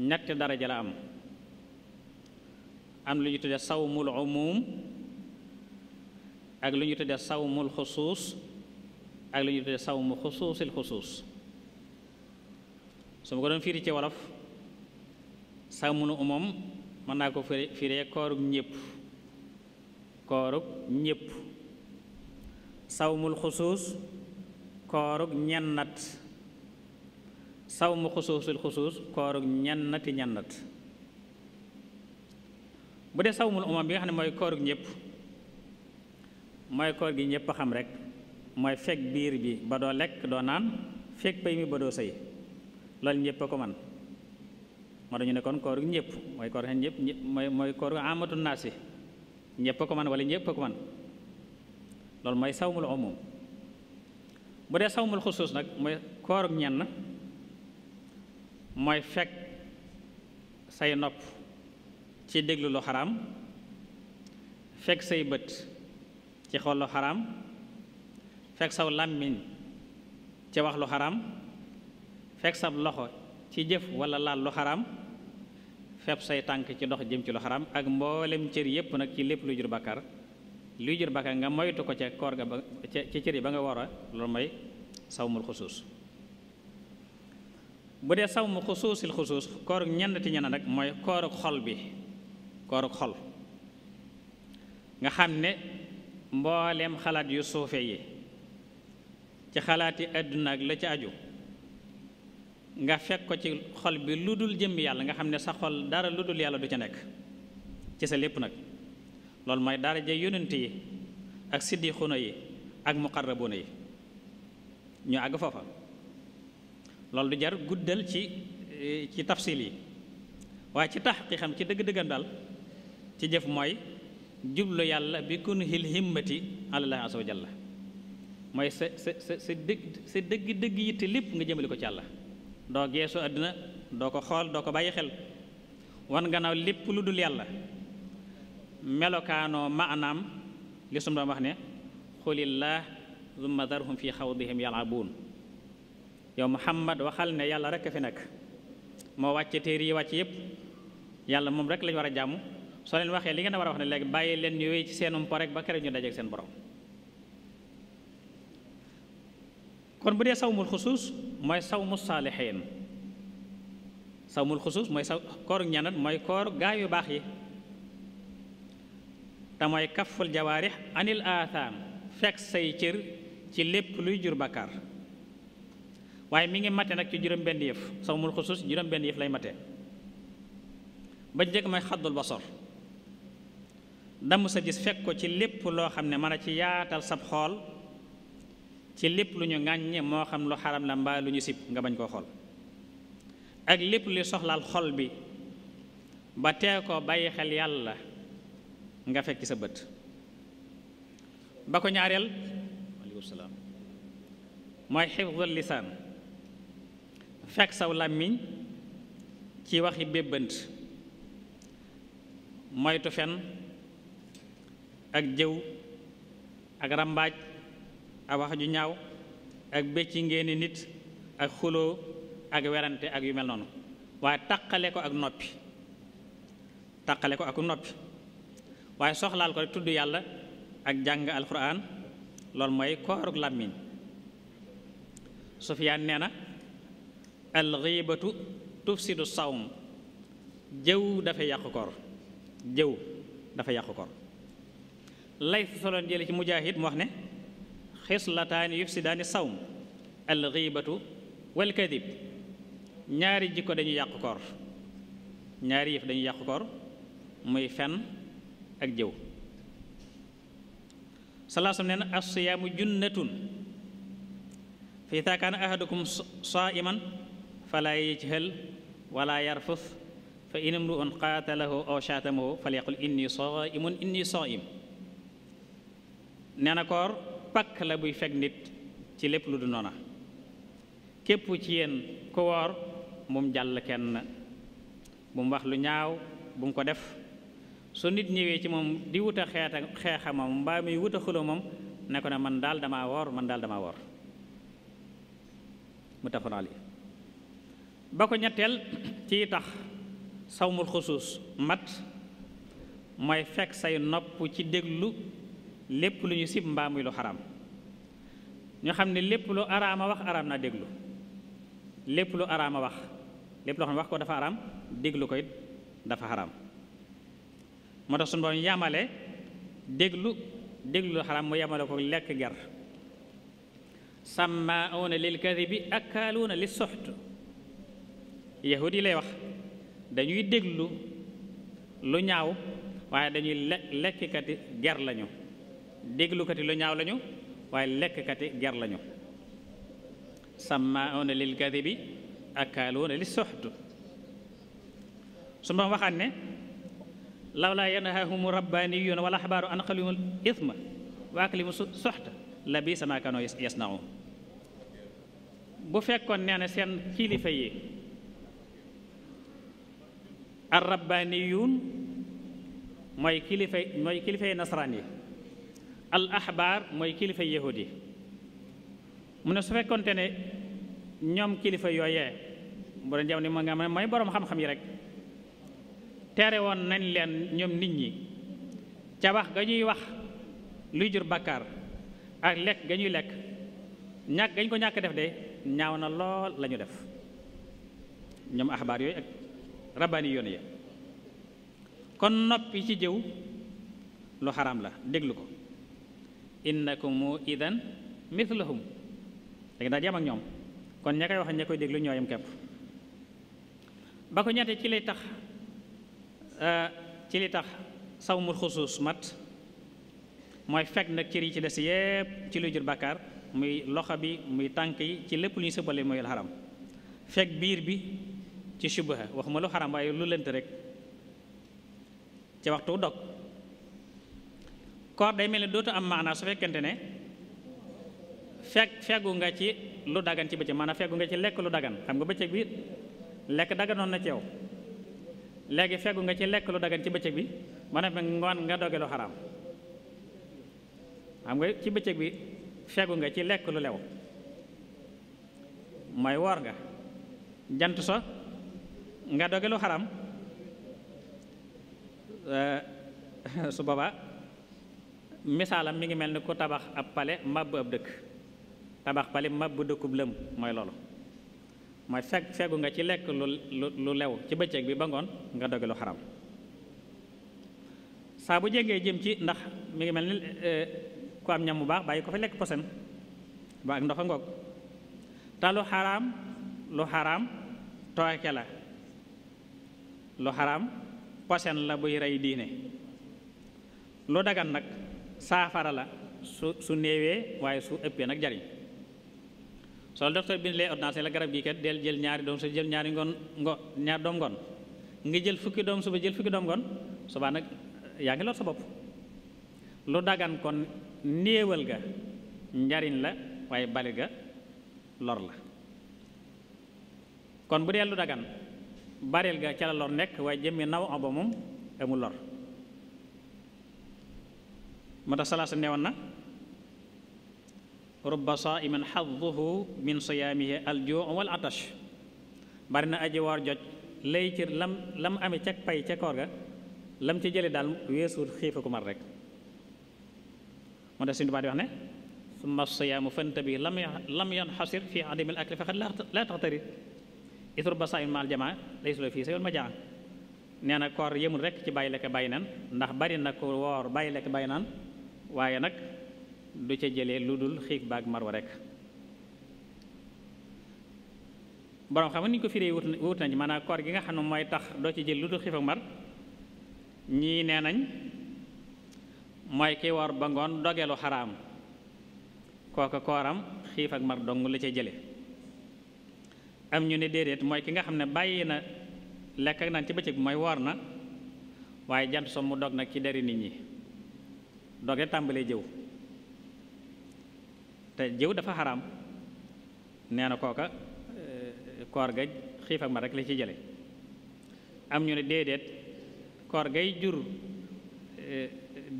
S1: ñetti daraja la am am lu ñu tudde sawmul umum ak lu ñu tudde sawmul xusuus ak lu ñu tudde sawmu xusuusil xusuus su ma ko doon firi ci wolof sàmmunu umam mën naa ko firi firee koorug ñëpp koorug ñëpp sawmul xusuus koorug ñennat sawmu xusuusul xusuus koorug ñennati ñennat bu dee sawmul umam bi nga xam ne mooy koorug ñépp mooy koor gi ñëpp xam rek mooy fekk biir bi ba doo lekk doo naan fekk pay mi ba doo sëy loolu ñëpp ko man moo dañu ne kon koor gi ñëpp mooy koor xen ñëpp mooy mooy koor ñëpp ko man wala ñëpp ko man loolu mooy sawmul umum bu dee sawmul xusuus nag mooy koorug ñenn mooy fekk say nopp ci déglu lu xaraam fekk say bët ci xool xaraam fekk saw làmmiñ ci wax lu xaraam fekk sab loxo ci jëf wala laal lu xaraam fepp say tànk ci dox jëm ci lu xaraam ak mboolem cër yépp nag ci lépp luy jur bakkar luy jur nga moytu ko ca koor ga ba ci cër yi ba nga war a loolu mooy sawmul xusuus bu dee sawmu xusuusil xusuus kooruk ñennati ñenn nag mooy kooruk xol bi kooruk xol nga xam ne mboolem xalaat yu suufe yi ci xalaati àdduna ak la ci aju nga fekk ko ci xol bi lu dul jëmmi yàlla nga xam ne sa xol dara lu dul yàlla du ca nekk ci sa lépp nag loolu mooy dara daraja yonent yi ak siddiquna yi ak muqarrabuna yi ñu àgg foofa loolu du jar guddal ci ci tafsil yi waaye ci tax ki xam ci dëgg-dëggan daal ci jëf mooy jublu yàlla bi kun hil himmati alallahi azza wa mooy sa sa sa dëgg sa dëgg-dëgg yitte lépp nga jëmale ko ci yàlla doo geesu àddina doo ko xool doo ko bàyyi xel wan gannaaw lépp lu dul yàlla melokaanoo maanaam li sum doon wax ne xulillah zumma darhum fi xawdihim yalabuun yow muhammad waxal ne yàlla rekk a fi nekk moo wàcce téere yi wàcce yépp yàlla moom rek lañu war a jàmm soo leen waxee li ngeen a war a wax ne léegi bàyyi leen ñu wéy ci seenum po rek ba kere ñu dajeeg seen borom kon bu dee sawmul xusuus mooy sawmu saalixiin saw xusuus mooy saw kooru ñanat mooy koor gaa yu baax yi te mooy kafful jawaarix anil aathaam fekk say cër ci lépp luy jur bakkaar waaye mi ngi mate nag ci juróom benn yëf sawmul xusuus juróom benn yëf lay mate ba njëkk mooy xaddul basor damm sa gis fekk ko ci lépp loo xam ne mën a ci yaatal sab xool ci lépp lu ñu ŋàññe moo xam lu xaram la mbaa lu ñu sib nga bañ koo xool ak lépp lu soxlaal xol bi ba tee ko bàyyi xel yàlla nga fekk sa bët ba ko ñaareel mooy xifdul fekk saw làmmiñ ci waxi bébbant moytu fen ak jëw ak rambaaj ak wax ju ñaaw ak bécci ngeeni nit ak xuloo ak werante ak yu mel noonu waaye taqale ko ak noppi taqale ko ak noppi waaye soxlaal ko rek tudd yàlla ak jàng alquran loolu mooy kooruk làmmiñ sufiyaan nee na alxiibatu tufsidu sawm jëw dafa yàqu koor jëw dafa yàqu koor lay soloon jële ci mujaahid mu wax ne xislataani yufsidaani sawm al xiibatu wal ñaari jikko dañuy yàq koor ñaari yëf dañuy yàq koor muy fen ak jëw salaasam nee na assiyaamu junnatun fa idaa ahadukum saa'iman falaa yajhal walaa yarfus fa in imru'un qaatalahu aw shaatamahu falyaqul inni saa'imun inni saa'im nee na koor pakk la buy fekk nit ci lépp lu du noona képp ci yéen ku woor jàll kenn bu mu wax lu ñaaw bu ko def su nit ñëwee ci moom di wut xeeta xeexa moom mbaa muy wut moom ne ko man daal daal damaa woor mu tafon ali ba ko ñetteel ci tax sawmul xusuus mat mooy fekk say nopp ci déglu lépp lu ñu sib mbaam muy lu xaraam ñu xam ne lépp lu araama wax araam naa déglu lépp lu araama wax lépp loo xam ne wax ko dafa araam déglu ko dafa xaraam moo tax suñu borom yamale déglu déglu lu xaraam mu yamale ko lekk ger sàmmaauna lil kadibi akaaluuna li soxt yahud yi lay wax dañuy déglu lu ñaaw waaye dañuy le lekkikati ger lañu déglukati lu ñaaw lañu waaye lekkkati ger lañu sammaa'uuna lil kadibi akaaluuna li suxt su ma waxaat ne lawlaa yanhahumu rabbaniyuuna wal ahbaaru an qalimul ithma wa aklimu suxta la bii sama kanoo yasnaun bu fekkoon nee na seen kilifa yi ar rabbaniyuun mooy kilifa mooy kilifa nasaraan yi al ahbaar mooy kilifa yahud yi mu ne su fekkonte ne ñoom kilifa yooyee bu doon jamono moo nga xam mooy boroom xam-xam yi rek tere woon nañ leen ñoom nit ñi ca ga ñuy wax luy jur bàkkaar ak lekk ga ñuy lekk ñàkk gañ ko ñàkk def de ñaaw na lool lañu def ñoom ahbaar yooyu ak rabbaani yoon yi kon noppi ci jëw lu xaraam la déglu ko ko mu idan mithlahum léegi daal yam ak ñoom kon ña koy wax ña koy déglu ñooyam kepp ba ko ñaate ci lay tax euh, ci li tax sawmul xusuus mat mooy fekk nag cër yi ci des yépp ci luy jur bàkkaar muy loxo bi muy tànk yi ci lépp lu ñu sëbale mooy lu xaram fekk biir bi ci subaha waxuma lu xaram waaye lu lënt rek ci waxtu dog koor day mel ne dootu am maanaa su fekkente ne fekk feggu nga ci lu dagan ci bëccëg maanaam feggu nga ci lekk lu dagan xam nga bëccëg bi lekk daganoon na ci yow léegi fegu nga ci lekk lu dagan ci bëccëg bi ba ne ngoon nga doge lu xaraam xam nga ci bëccëg bi feggu nga ci lekk lu lew mooy woor nga jant so nga doge lu xaraam su boobaa misaalam mi ngi mel ni ku tabax ab pale màbb ab dëkk tabax pale màbb dëkkub lëm mooy loolu mooy feg fegu nga ci lekk lu lew ci bëccëg bi ba ngoon nga doge lu xaram saa bu jegee jëm ci ndax mi ngi mel ni e, ku am ñam bu baax bàyyi ko fi lekk posen ba ak ndox a ngoog te lu xaraam lu xaraam tooke la lu xaraam posen la buy rey diine lu dagan nag saafara la su su néewee waaye su ëppee nag jariñ soo docteur bi lay ordonnance la garab gi kat del jël ñaari doom su jël ñaari ngoon ngo ñaar doom ngoon nga jël fukki doom suba jël fukki doom ngoon suba nag yaa ngi lor sa bopp lu dagan kon néewal ga njariñ la waaye bari ga lor la kon bu dee lu dagan baril ga ca la lor nekk waaye jëmmi naw ba moom amul lor moo tax salaasa newoon na rubba saiman xadduhu min siyaamihi aljuu wal atash bari na woor joj lay ci lam lam amee ca pay ca koor ga lam ci jële daal weesuut xiifa ku mar rek moo tax suñu tubaab di wax ne summa siyaamu fantabi lam lam yanxasir fi adami al akli faqad laa taxtari it rubba saiman maal jamaa lay sula fii sa yoon ma jaa nee na koor yëmul rek ci bàyyi lekk bàyyi naan ndax bari na ko woor bàyyi lekk bàyyi naan waaye nag du ca jëlee lu dul xiif baag marwa rekk borom xam ni ñu ko firee wut nañ maanaam koor gi nga xam ne mooy tax doo ci jël lu dul xiif ak mar ñii nee nañ mooy ki woor ba ngoon dogeelu xaraam kooka kooram xiif ak mar dong la ca jële am ñu ne déedéet mooy ki nga xam ne bàyyi na lekk ak naan ci bëccëg mooy woor na waaye jant so mu dog nag ci deri nit ñi doge tàmbalee jëw te jëw dafa xaram nee na kooka eh, koor ga xiif ma mar rek la ci jële am ñu ne déedéet koor gay jur eh,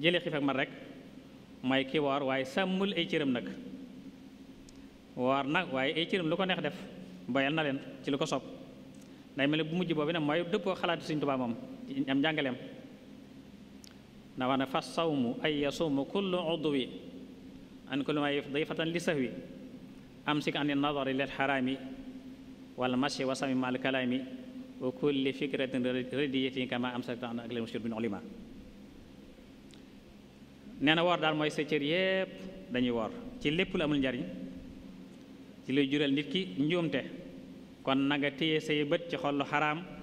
S1: jële xiif ma mar rek mooy ki woor waaye sàmmul ay cëram nag woor nag waaye ay cëram lu ko neex def boyal na leen ci lu ko sob day mel ne bu mujj boobu nag mooy dëppoo xalaatu Sëriñ Tuubaa moom am njàngaleem na wana fa sawmu ay yasuumu kullu udwi an kulli ma yudifatan li sahwi amsik an nadari lil xaraami wal mashi wa sami mal kalaami wa kulli fikratin radiyatin kama amsakta an akli mushir bin ulima nee na woor daal mooy sa cër yépp dañuy woor ci lépp lu amul njariñ ci luy jural nit ki njuumte kon nanga nga téye say bët ci xollu xaraam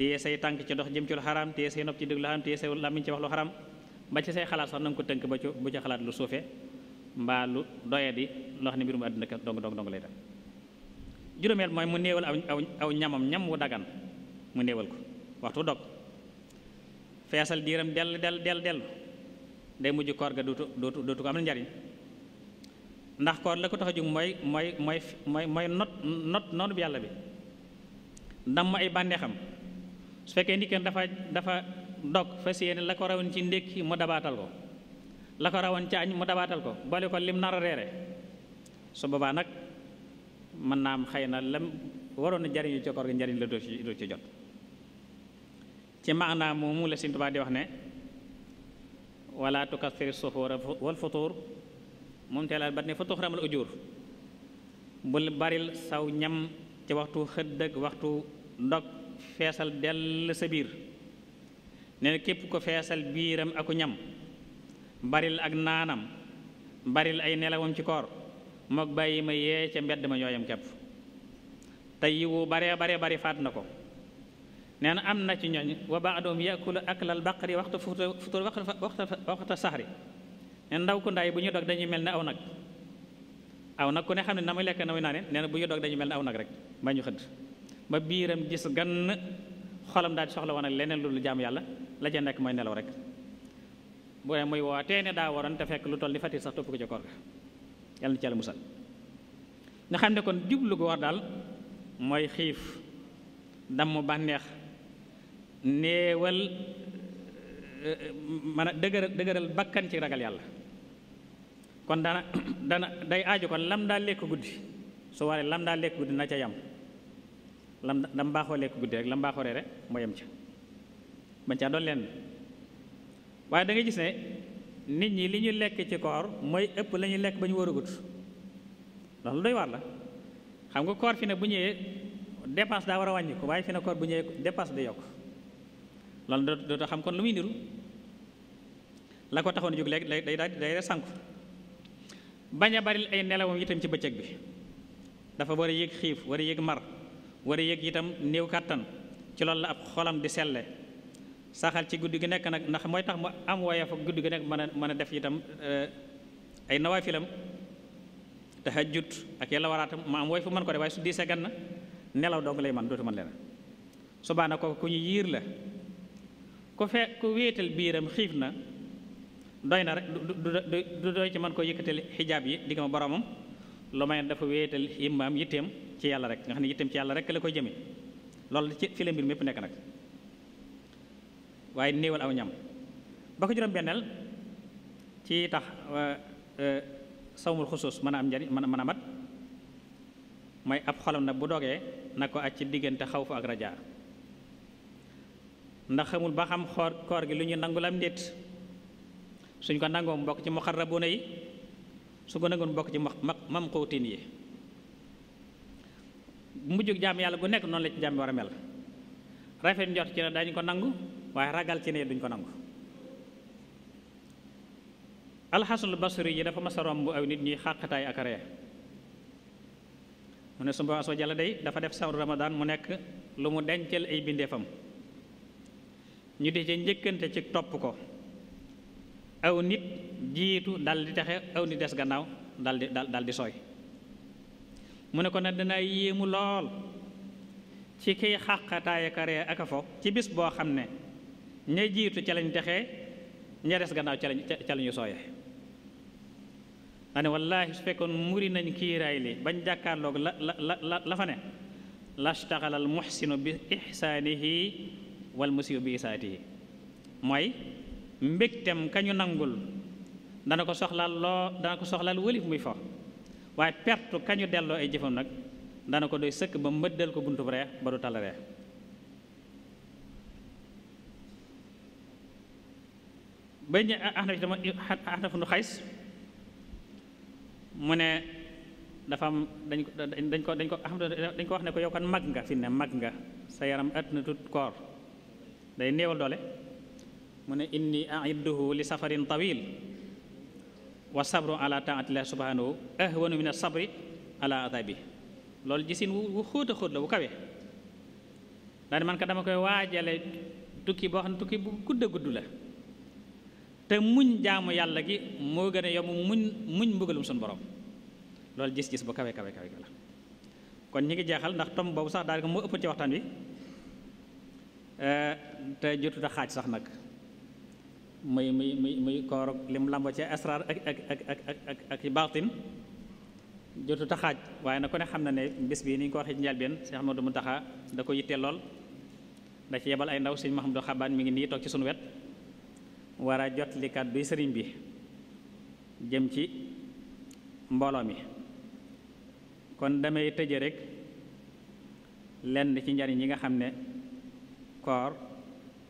S1: téye say tànk ci ndox jëm ci lu xaraam téye say nopp ci déglu xaraam téye say làmmiñ ci wax lu xaraam ba ci say xalaat sax na ko tënk ba ci bu ca xalaat lu suufe mbaa lu doye ndox ni xam ne mbirum àdduna ka dong dong dong aw aw ñam wu dagan mu néewal ko waxtu dog feesal dell dell dell dell day mujj koor dootu dootu ko am na njariñ ndax koor la ko tax a jóg mooy mooy mooy mooy mooy not not noonu bi yàlla bi damm ay bànneexam su fekkee ndikkam dafa dafa dog fas yéene la ko rawoon ci ndékki mu dabaatal ko la ko rawan ci añ mu dabaatal ko boole ko lim nar a reere su boobaa nag mën naa am xëy na lam waroon njariñ jariñu ci gi njariñ la doo ci doo ci jot ci moomu la Sëñ Tuubaa di wax ne wala tukassiri suhuura wal futuur moom teelal bat ne fa tuxramal ujur bul baril saw ñam ci waxtu xëdd waxtu ndog feesal dell sa biir nee képp ko feesal biiram aku ñam baril ak naanam baril ay nelawam ci koor mook bàyyi ma yee ca mbedd ma yooyam kepp te yiwu baree bare bari faat na ko neen na am na ci ñooñ wa baadoom yakulu aklal baqari waxtu futur waxta saxri ne ndaw ku ndaay bu ñu dog dañuy mel ni aw nag aw nag ku ne xam ne na muy lekk na muy naane nee bu ñu dog dañuy mel ne aw nag rek ba ñu xëdd ba biiram gis gann xolam daal di soxla woon ak leneen lu jàmm yàlla la ca nekk mooy nelaw rek bu ne muy wootee ne daa waroon te fekk lu toll ni fatir sax topp ko ca koor ga yàlla na ci yàlla musal nga xam ne kon jublu gu war daal mooy xiif damm bànneex néewal euh, man a dëgëral dëgëral bakkan ci ragal yàlla kon dana dana day aaju kon lam daa lekk guddi su waree lam daa lekk guddi na ca yam lam dam baaxoo lekk guddi rek lam baaxoo rek moo yem ca bañ caa doon leen waaye dangay nga gis ne nit ñi li ñu lekk ci koor mooy ëpp la ñuy lekk ba ñu war a gudd ndax lu doy la xam nga koor bu ñëwee dépense daa war a wàññi ko fi ne koor bu ñëwee dépense da yokk loolu dootoo xam kon lu muy niru la ko taxoon jóg léegi day day day sànku bañ a bari ay nelawam itam ci bëccëg bi dafa war a yëg xiif war a yëg mar war a yëg itam néew kàttan ci loolu la ab xolam di selle saxal ci guddi gi nekk nag ndax mooy tax mu am woyof ak guddi gi nekk mën a def itam eh, ay nawaafilam tahajjud ak yàlla waraatam ma am woy fu mën ko def waaye su diisee gan na nelaw dong lay man dootu mën leneen subaa kooku ku ñu yiir la ku fe ku wéetal biiram xiif na doy na rek du doy ci man ko yëkkatal xijaab yi digg boromam lu may dafa wéetal imaam yitteem ci yàlla rek nga xam ne yitteem ci yàlla rek la koy jëme loolu ci fi la mbir mépp nekk nag waaye néewal aw ñam ba ko juróom benneel ci tax e, sawmul xusuus mën a am njariñ mën a mën a mat may ab xolam nag bu dogee na ko aj ci diggante xaw fa ak rajaa ndax xamul ba xam xoor koor gi lu ñu nangu lam ndéet suñ ko nangoo mbokk ci muqarrabuna yi su ko nekkoon bokk ci ma ma mam xóotin yi mujjug jaam yàlla gu nekk noonu la ci jaam war a mel rafet njort ci ne dañu ko nangu waaye ragal ci ne duñ ko nangu alxasanul basri yi dafa mas a romb aw nit ñuy xàqataay ak ree mu ne sumba aso jalla day dafa def sawru ramadan mu nekk lu mu dencal ay bindeefam ñu di ci njëkkante ci topp ko aw nit jiitu dal di aw nit des gannaaw dal dal di sooy mu ne ko nag dana yéemu lool ci kiy xàqataaya karee fo ci bis boo xam ne ña jiitu ca lañ texee ña des gannaaw ca lañ ca lañu sooye ma ne wallaahi su fekkoon muri nañ kiiraay li bañ jàkkaarloog la la la la fa ne lastaxalal muxsinu bi ixsaanihi wal musiu bi isaatihi mooy mbégtem kañu nangul dana ko soxlaal loo dana ko soxlaal wëlif muy fo waaye pertu kañu delloo ay jëfam nag dana ko doy sëkk ba mbëddal ko buntu bu ree ba du tala ree ba ñu axnaf ci dama axnaf mu ne dafa am dañ ko dañ ko dañ ko ah, dañ ko wax ne ko yow mag nga fi ne mag nga sa yaram at na tut koor day néewal doole mu ne inni aidduhu li safarin tawil wa sabru ala taatillah subhanahu ahwanu min asabri ala adabi loolu gisin wu xóot a xóot la bu kawe daal man dama koy waajale tukki boo xam ne tukki bu gudd a gudd la te muñ jaamu yàlla gi moo gën a yomb muñ muñ mbugalum suñ borom loolu gis-gis bu kawe kawe kawe kon ñi ngi jeexal ndax tom boobu sax daal ko moo ëpp ci waxtaan wi eh, te jotuta xaaj sax nag muy muy muy muy koor lim lamba ci asraar ak ak ak ak ak ak jotu taxaaj waaye na ku ne xam na ne bis bii ni ñu ko waxee ci njëlbeen Cheikh mu taxa da ko yittee lool da ci yebal ay ndaw si Mahamadou Xabaan mi ngi nii toog sunu wet war jot li kàdduy sëriñ bi jëm ci mbooloo mi kon damay tëje rek lenn ci njariñ yi nga xam ne koor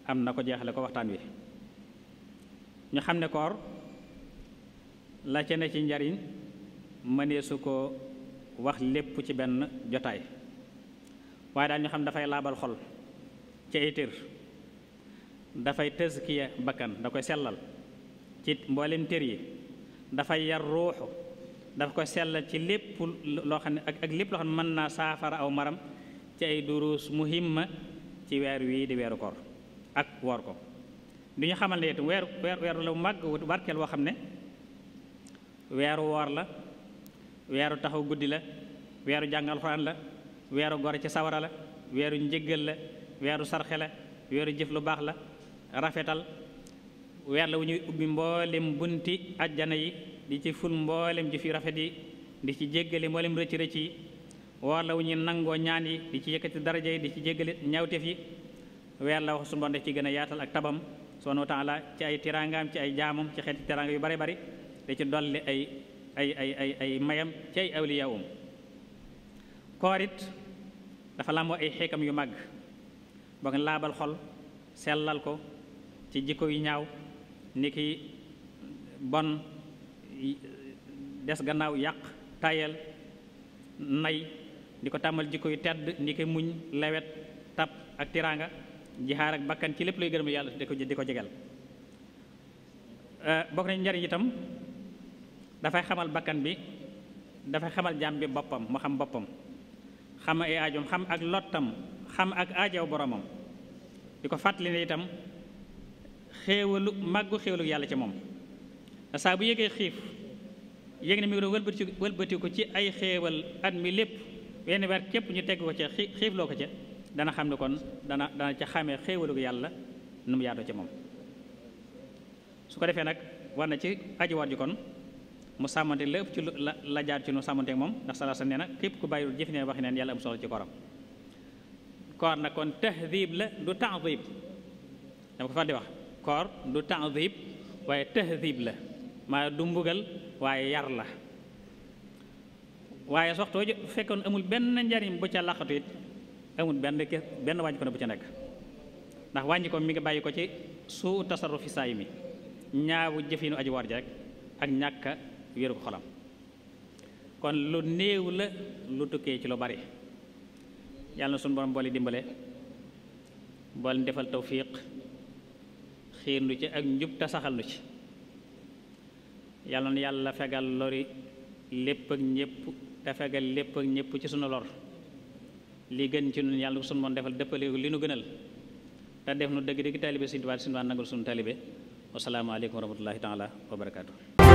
S1: am na ko jeexale ko waxtaan wi ñu xam ne koor la ca ci njariñ mënee su ko wax lépp ci benn jotaay waaye daal ñu xam dafay laabal xol ci ay tër dafay tëskiya bakkan da koy sellal ci mboolem tër yi dafay yar ruuxu dafa ko sellal ci lépp loo xam ne ak lépp loo xam mën naa saafara aw maram ci ay duruus muhimma ci weer wii di weeru koor ak woor ko du ñu xamal ne itam weeru weeru weeru la màgg wu barkeel woo xam ne weeru woor la weeru taxaw guddi la weeru jàngal alxuraan la weeru gore ci sawara la weeru njëggal la weeru sarxe la weeru jëf lu baax la rafetal weer la wu ñuy ubbi mboolem bunti ajjana yi di ci ful mboolem jëf yu rafet yi di ci jéggale mboolem rëcc rëcc yi woor la wu ñuy nangoo ñaan yi di ci yëkkati daraja yi di ci jéggale ñawteef yi weer la wax su mbonde ci gën a yaatal ak tabam subhaanahu wa taala ci ay tiraangaam ci ay jaamam ci xeeti tiraanga yu bare bari da ci dolli ay ay ay mayam ci ay awliyaawum koorit dafa làmboo ay xeekam yu màgg boo nga laabal ko ci jikko yu ñaaw ni ki bon des gannaaw yàq tayal nay di ko tàmmal jikko yu tedd ni ki muñ lewet tap ak tiraanga jixaar ak bakkan ci lépp luy gërëm yàlla di ko di jegal eh, bokk nañ njariñ itam dafay xamal bakkan bi dafay xamal jaam bi boppam mu xam boppam xam ay aajom xam ak lottam xam ak aajaw boromam di ko fàttali ne itam xéewalu màggu xéewalu yàlla ci moom saa bu yëgee xiif yéeg na mi ngi doon wëlbati wëlbati ko ci ay xéewal at mi lépp wenn weer képp ñu tegg ko ca xiif loo ko ca dana xam ne kon dana dana ca xamee xéewalug yàlla nu mu yaatoo ci moom su ko defee nag war na ci aji ji kon mu sàmmante lépp ci lu la la jaar ci nu sàmmanteek moom ndax salaa sa nee na képp ku bàyyiwul jëf neen waxi neen yàlla am soxla ci koram koor nag kon tahdib la du tahdib dama ko far di wax koor du tahdib waaye tahdib la maa du mbugal waaye yar la waaye soxtoo fekkoon amul benn njariñ bu ca laqatu it amul benn ke benn wàññi bu ci nekk ndax wàññi ko mi ngi bàyyi ko ci su tasarrufi saay mi ñaawu jëfinu aji war ji rek ak ñàkk a wéeru xolam kon lu néew la lu tukkee ci lu bari yàlla na suñu borom boole dimbale boole defal tawfiq xiir nu ci ak njub te saxal ci yàlla na yàlla fegal lori lépp ak ñépp te fegal lépp ak ñépp ci sunu lor li gën ci nun yàlla ko sunu moon defal dëppale li nu gënal te def nu dëgg dëgg taalibe Sëriñ Tuubaa Sëriñ Tuubaa nangul sunu taalibe wassalaamu aleykum wa rahmatullahi taala wa barakaatu